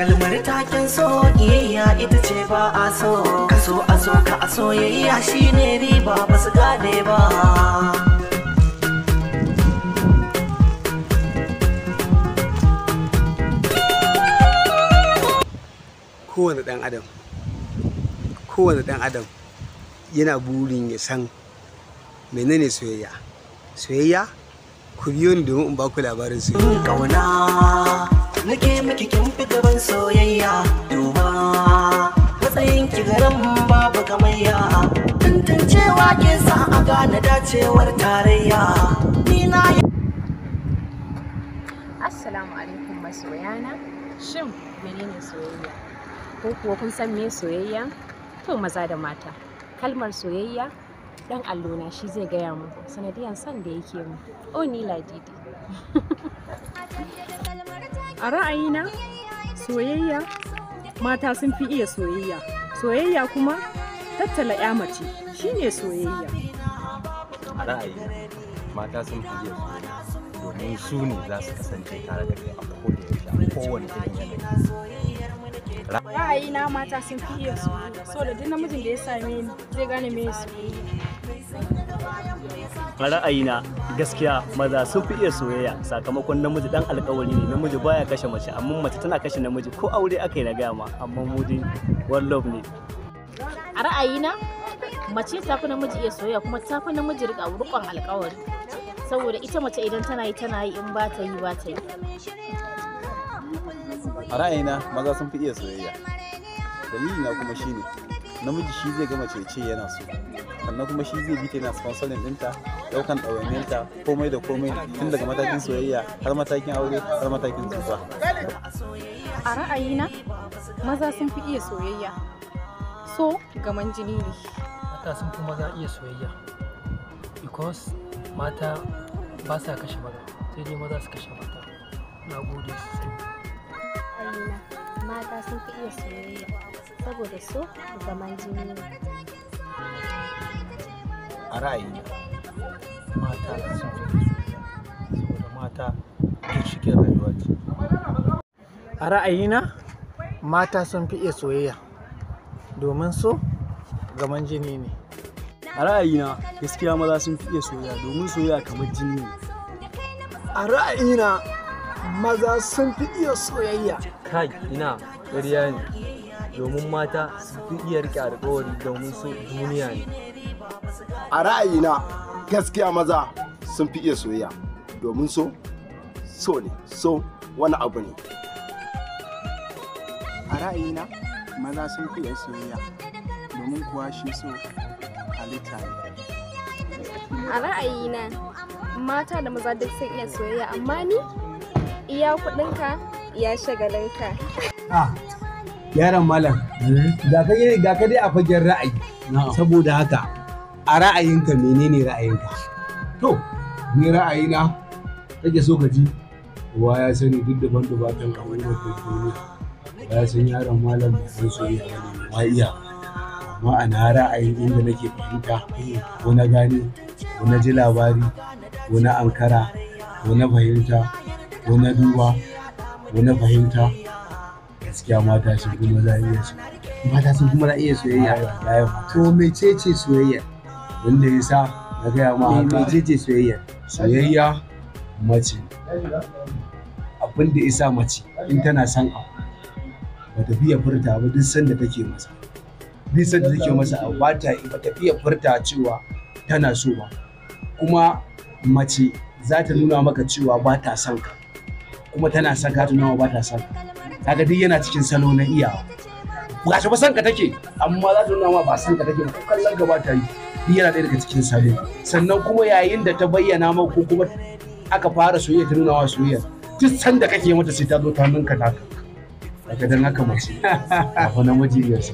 kalmar taken so ita ce ba a so ka so a so ka a soyayya shine riba ba su gane ba kowane ɗan adam kowane dan adam yana burin ya san menene soyayya soyayya ku biyo ni domin in ba ku labarin soyayya nake miki kin fi gaban soyayya duba matsayin ki garan babu gamayya tantancewa ke sa a gane dacewar tarayya ni na Assalamu alaikum masoyana shin menene soyayya ko kuwa kun san me soyayya to maza da mata kalmar soyayya dan allona shi zai gaya mu sanadiyan son da yake mu Oh ni ladidi a ra'ayina soyayya mata sun fi iya soyayya soyayya kuma tattala ya mace shine soyayya a ra'ayina mata sun fi iya soyayya domin su ne za su kasance tare da kai a kowane yaushe a kowane irin yanayi ra'ayina mata sun fi iya soyayya so da duk namijin da ya same ni zai gane me soyayya a na gaskiya maza sun fi iya soyayya sakamakon namiji dan alkawari ne namiji baya kashe mace amma mace tana kashe namiji ko aure aka yi na gaya ma amma mu dai one love ne a na mace ta fi namiji iya soyayya kuma ta fi namiji riƙa rukon alkawari saboda ita mace idan tana yi tana yi in ba ta yi ba ta yi a na maza sun fi iya soyayya dalilina kuma shine namiji shi zai gama ce yana so sannan kuma shi zai bita yana sponsoring dinta daukan ɗawainiyarta komai da komai tun daga matakin soyayya har matakin aure har matakin tsufa a ra'ayina maza sun fi iya soyayya so gaman jini ne mata sun fi maza iya soyayya because mata ba sa kashe maza sai dai maza su kashe mata na gode sosai mata sun fi iya soyayya saboda so zaman jini ne a ra'ayina mata sun saboda mata ginshiƙin rayuwa ce a ra'ayina mata sun fi iya soyayya domin so gaman jini ne a ra'ayina gaskiya maza sun fi iya soyayya domin soyayya kamar jini ne a ra'ayina maza sun fi iya soyayya kai ina ƙarya ne domin mata su fi iya rike alkawari domin su duniya ne a ra'ayina gaskiya maza sun fi iya soyayya domin so so ne so wani abu ne a ra'ayina maza sun fi iya soyayya domin kuwa shi so halitta ne a ra'ayina mata da maza duk sun iya soyayya amma ni iya kudinka iya shagalinka ah yaron malam eh. ga ka dai a fagen ra'ayi saboda haka a ra'ayinka menene ra'ayinka to ni ra'ayina kake so ka ji wa ya sani duk da ban dubatan a wani wata ba ya san yaron malam ba san soyayya ba iya amma ana ra'ayin inda nake fahimta ko na gane ko na ji labari ko na ankara ko na fahimta ko na duba ko na fahimta gaskiya mata sun kuma za iya su mata sun kuma za iya soyayya to mecece soyayya wanda ya sa na gaya ma haka mecece soyayya soyayya mace abin da isa mace in tana son abu ba ta fiye furta ba duk sanda take masa duk sanda take masa abu ba ta ba ta fiye furta cewa tana so ba kuma mace za ta nuna maka cewa ba ta son ka kuma tana son ka tunawa ba ta son ka kaga duk yana cikin salo na iyawa Ba ba san ka take amma za ta nuna ma ba san ka take ba kallon gaba ta yi duk yana ɗaya daga cikin salo sannan kuma yayin da ta bayyana ma ko kuma aka fara soyayya ta nuna wa soyayya duk sanda kake mata sai ta zo ta ninka naka daga dan haka mace abu na majiyarsa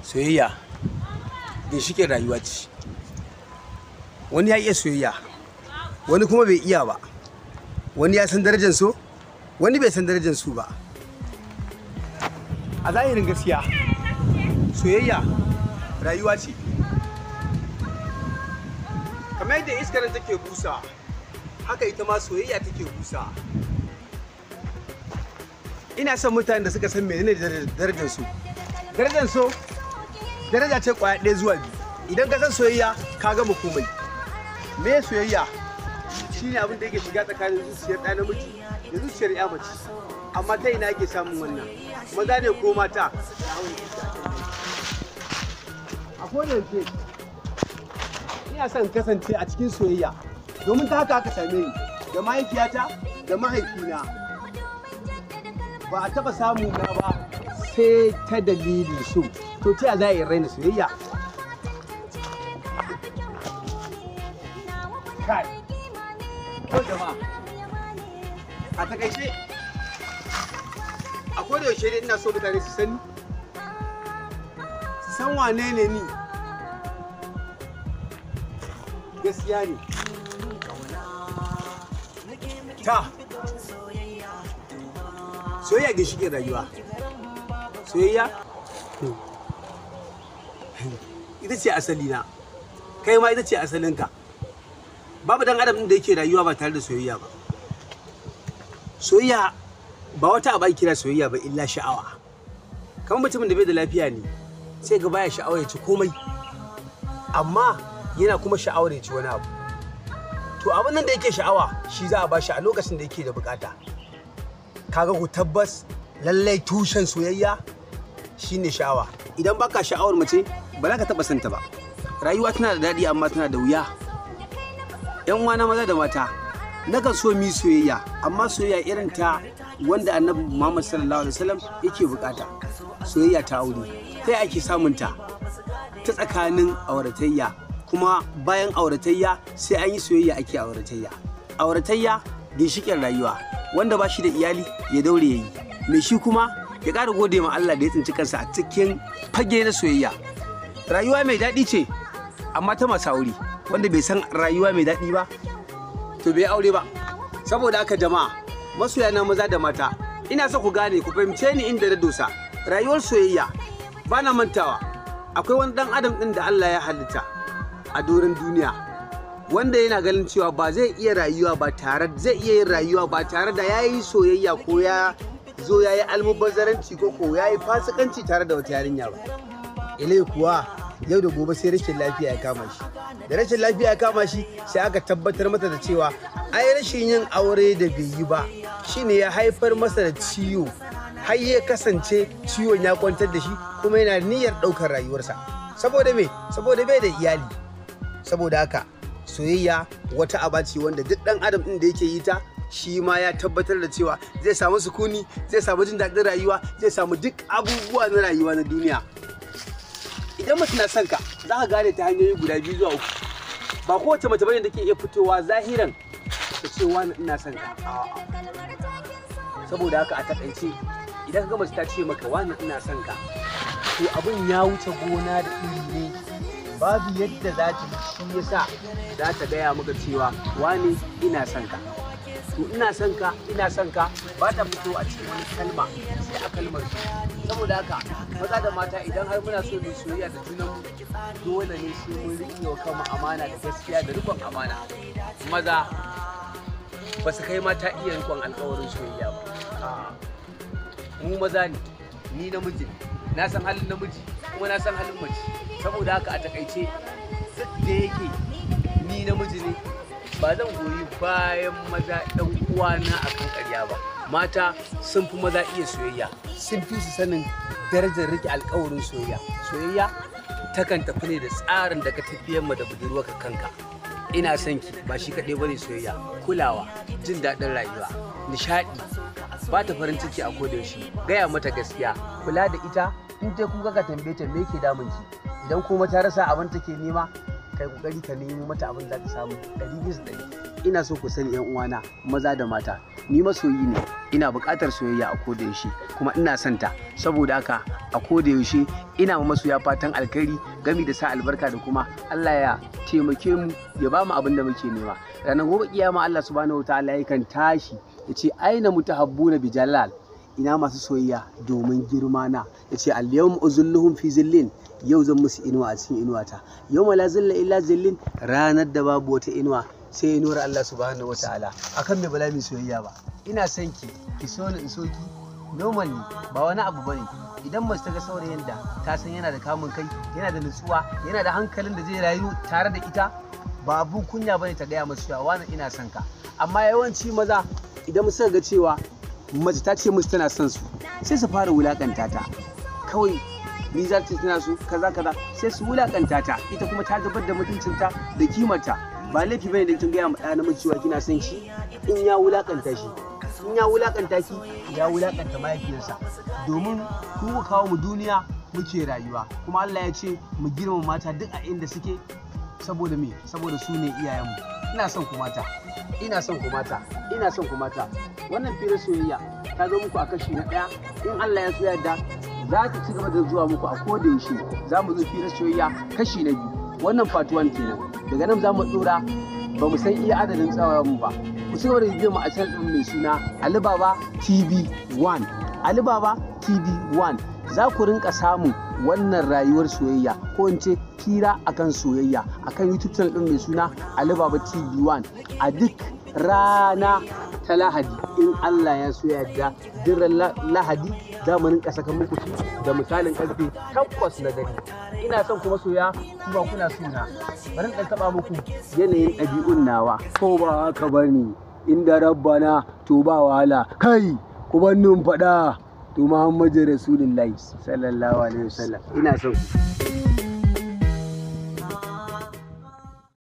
soyayya ginshiƙin rayuwa ce wani ya iya soyayya wani kuma bai iya ba wani ya san darajar so wani bai san darajar su ba a zahirin gaskiya soyayya rayuwa ce kamar yadda iskar take busa haka ita ma soyayya take busa ina son mutane da suka san menene darajar su darajar so daraja ce kwaya ɗaya zuwa biyu idan ka san soyayya ka gama komai me soyayya shine abin da yake shiga tsakanin zuciyar ɗa namiji da zuciyar ya mace amma ta ina yake samun wannan maza ne ko mata a kodayaushe ina son kasance a cikin soyayya domin ta haka aka same ni da mahaifiyata da mahaifina ba a taba samu na ba sai ta dalili su to ta za a yi raina soyayya Cut. to jama'a a takaice a koda yaushe dai ina so mutane su sani su san wane ne ni gaskiya ne ta soyayya ga rayuwa soyayya ita ce asalina. kai ma ita ce asalinka babu dan adam da yake rayuwa ba tare da soyayya ba soyayya ba wata abu ake kira soyayya ba illa sha'awa kamar mutumin da bai da lafiya ne sai ga baya sha'awa ya ci komai amma yana kuma sha'awar ya ci wani abu to abin nan da yake sha'awa shi za a ba shi a lokacin da yake da bukata kaga ku tabbas lallai tushen soyayya shine sha'awa idan baka sha'awar mace ba za ka taba santa ba rayuwa tana da daɗi amma tana da wuya 'yan wana maza da mata naka so mi soyayya amma soyayya irin ta wanda annabi muhammad sallallahu alaihi wasallam yake bukata soyayya ta aure sai ake samun ta ta tsakanin auratayya kuma bayan auratayya sai an yi soyayya ake auratayya auratayya ginshikin rayuwa wanda ba shi da iyali ya daure ya yi mai shi kuma ya ƙara gode ma Allah da ya tsinci kansa a cikin fage na soyayya rayuwa mai daɗi ce amma ta masu aure wanda bai san rayuwa mai daɗi ba to bai aure ba saboda haka jama'a masoya na maza da mata ina so ku gane ku fahimce ni inda na dosa rayuwar soyayya ba na mantawa akwai wani dan adam din da Allah ya halitta a doron duniya wanda yana ganin cewa ba zai iya rayuwa ba tare zai iya yin rayuwa ba tare da yayi soyayya ko ya zo yayi almubazzaranci ko ko yayi fasikanci tare da wata yarinya ba ilai kuwa yau da gobe sai rashin lafiya ya kama shi da rashin lafiya ya kama shi sai aka tabbatar mata da cewa ai rashin yin aure da bai yi ba shine ya haifar masa da ciwo har ya kasance ciwon ya kwantar da shi kuma yana niyyar ɗaukar rayuwarsa saboda me saboda bai da iyali saboda haka soyayya wata aba ce wanda duk ɗan adam ɗin da yake yi ta shi ma ya tabbatar da cewa zai samu sukuni zai samu jin daɗin rayuwa zai samu duk abubuwa na rayuwa na duniya idan mutum na son ka za ka gane ta hanyoyi guda biyu zuwa uku ba kowace mace bane da ke iya fitowa zahiran ta ce wani ina son ka saboda haka a takaice idan ka mace ta ce maka wani ina son ka to abin ya wuce gona da iri ne babu yadda za ta shi yasa za ta gaya maka cewa wani ina son ka to ina son ka ina son ka ba ta fito a cikin wani kalma sai a kalmar saboda haka maza da mata idan har muna so mu soyayya da mu dole ne sai mun riƙe wa kanmu amana da gaskiya da rikon amana maza ba su kai mata iya rikon alkawarin soyayya ba mu maza ne ni namiji na san halin namiji kuma na san halin mace saboda haka a takaice da yake ni namiji ne ba zan goyi bayan maza ɗan uwana akan ƙarya ba mata sun fi maza iya soyayya sun fi su sanin darajar rike alkawarin soyayya soyayya takan tafi ne da tsarin da ka tafiyar ma da budurwarka kanka ina son ki ba shi kaɗai bane soyayya kulawa jin daɗin rayuwa nishaɗi ba ta farin ciki a kodayaushe gaya mata gaskiya kula da ita in dai kuka ka tambaye ta me ke damun ki idan kuma ta rasa abin take nema kai kokari ka nemo mata abin da ka samu ɗari bisa ɗari ina so ku sani yan uwana maza da mata ni masoyi ne ina buƙatar soyayya a koda yaushe kuma ina son ta saboda haka a koda yaushe ina ma masoya fatan alkhairi gami da sa albarka da kuma Allah ya taimake mu ya ba mu abin da muke nema ranar gobe kiyama Allah subhanahu wataala yakan tashi ya ce aina mutahabbuna bijalal ina masu soyayya domin girma na yace al yawma uzilluhum fi zillin yau zan musu inuwa a cikin inuwata Yau la zilla illa zillin ranar da babu wata inuwa sai inuwar Allah subhanahu A akan mai bala mai soyayya ba ina son ki ki so ni in so ki normally ba wani abu bane idan mace ta ga saurayin da ta san yana da kamun kai yana da nutsuwa yana da hankalin da zai rayu tare da ita ba abun kunya bane ta gaya masu cewa Wannan ina son ka amma yawanci maza idan suka ga cewa mace ta ce musu tana son su sai su fara wulakanta ta kawai ni za ta tana su kaza kaza sai su wulakanta ta ita kuma ta zubar da mutuncinta da kimarta ba laifi bane da kin gaya ma ɗaya namiji cewa kina son shi in ya wulakanta shi in ya wulakanta ki ya wulakanta mahaifiyarsa domin ku kawo mu duniya muke rayuwa kuma Allah ya ce mu girmama mata duk a inda suke saboda me saboda su ne iyayenmu ina son ku mata ina son ku mata ina son ku mata wannan firar soyayya ta zo muku a kashi na ɗaya in Allah ya so yadda za ta ci gaba da zuwa muku a koda yaushe za mu zo firar soyayya kashi na biyu wannan fatuwan kenan daga nan za mu ɗora ba mu san iya adadin tsawon mu ba ku ci gaba da bibiyan mu a channel mai suna Alibaba TV 1 Alibaba TV 1 za ku rinka samu wannan rayuwar soyayya ko in ce hira akan soyayya akan youtube channel ɗin mai suna alibaba tv1 a duk rana ta lahadi in allah ya so yadda jirar lahadi za mu rinka saka muku da misalin karfe takwas na dare ina son kuma soya kuma kuna suna bari in taba muku yanayin ɗabi'un nawa ko ba haka bane inda rabbana to ba wahala kai ku nun faɗa to Muhammadu Rasulullahi sallallahu alaihi wasallam ina son